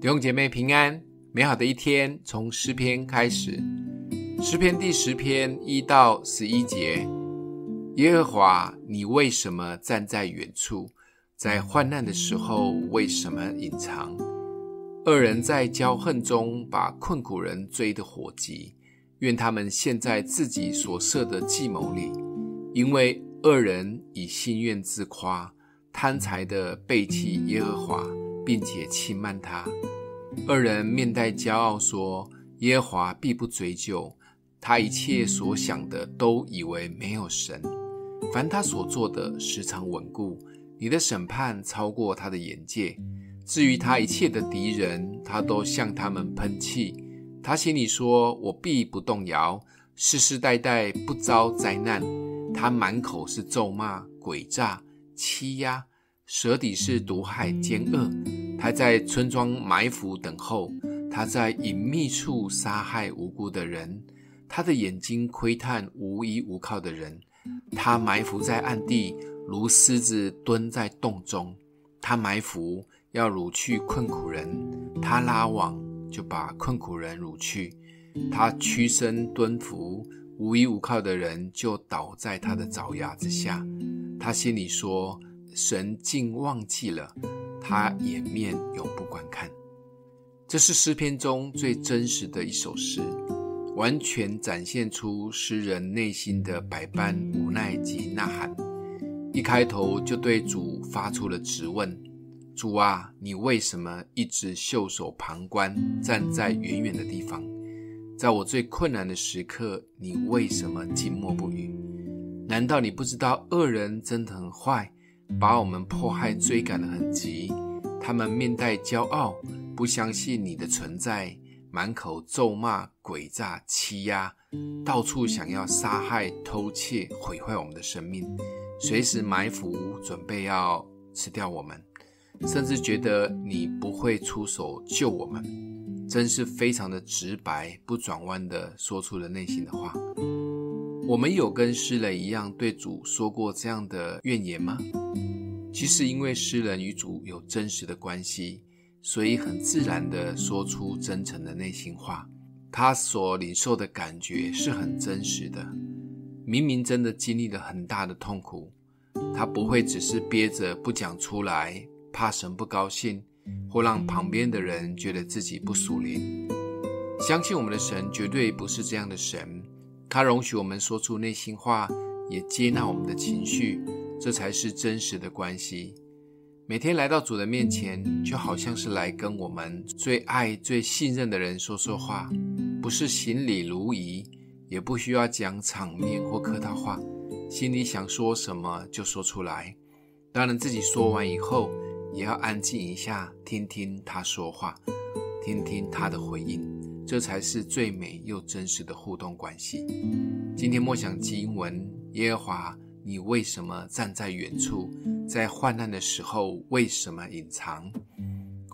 弟兄姐妹平安，美好的一天從詩篇開始。詩篇第十篇一到十一節：耶和華，你為什麼站在遠處？在患難的時候，為什麼隱藏？惡人在驕橫中把困苦人追得火急，願他們陷在自己所設的計謀裡，因為惡人以心願自誇，貪財的背棄耶和華，並且輕慢他。惡人面帶驕傲說：“耶和華必不追究；他一切所想的，都以為沒有神；凡他所做的，時常穩固。你的審判超過他的眼界。至於他一切的敵人，他都向他們噴氣。他心裡說：我必不動搖，世世代代不遭災難。他滿口是咒罵、詭詐、欺壓。”舌底是毒害、奸惡，他在村莊埋伏等候，他在隱密處殺害無辜的人，他的眼睛窺探無倚無靠的人，他埋伏在暗地，如獅子蹲在洞中，他埋伏，要擄去困苦人，他拉網，就把困苦人擄去，他屈身蹲伏，無倚無靠的人就倒在他的爪牙之下，他心裡說神竟忘記了，他掩面永不觀看。這是詩篇中最真實的一首詩，完全展現出詩人內心的百般無奈及吶喊。一開頭就對主發出了質問：“主啊，你為什麼一直袖手旁觀，站在遠遠的地方？在我最困難的時刻，你為什麼靜默不語？難道你不知道惡人真的很壞？”把我們迫害、追趕得很急，他們面帶驕傲，不相信你的存在，滿口咒罵、詭詐、欺壓，到處想要殺害、偷竊、毀壞我們的生命，隨時埋伏，準備要吃掉我們，甚至覺得你不會出手救我們，真是非常的直白，不轉彎的說出了內心的話。我們有跟詩人一樣對主說過這樣的怨言嗎？其實，因為詩人與主有真實的關係，所以很自然地說出真誠的內心話。他所領受的感覺是很真實的。明明真的經歷了很大的痛苦，他不會只是憋着不講出來，怕神不高興，或讓旁邊的人覺得自己不屬靈。相信我們的神絕對不是這樣的神。他容許我們說出內心話，也接納我們的情緒，這才是真實的關係。每天來到主的面前，就好像是來跟我們最愛、最信任的人說說話，不是行禮如儀，也不需要講場面或客套話，心裡想說什麼就說出來。當然，自己說完以後，也要安靜一下，聽聽他說話，聽聽他的回應。這才是最美又真實的互動關係。今天默想經文：耶和華，你為什麼站在遠處？在患難的時候，為什麼隱藏？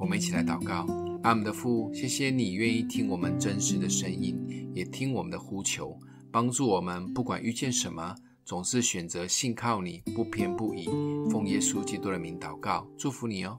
我們一起來禱告：愛我們的父，謝謝你願意聽我們真實的聲音，也聽我們的呼求，幫助我們不管遇見什麼，總是選擇信靠你，不偏不倚。奉耶穌基督的名禱告，祝福你哦。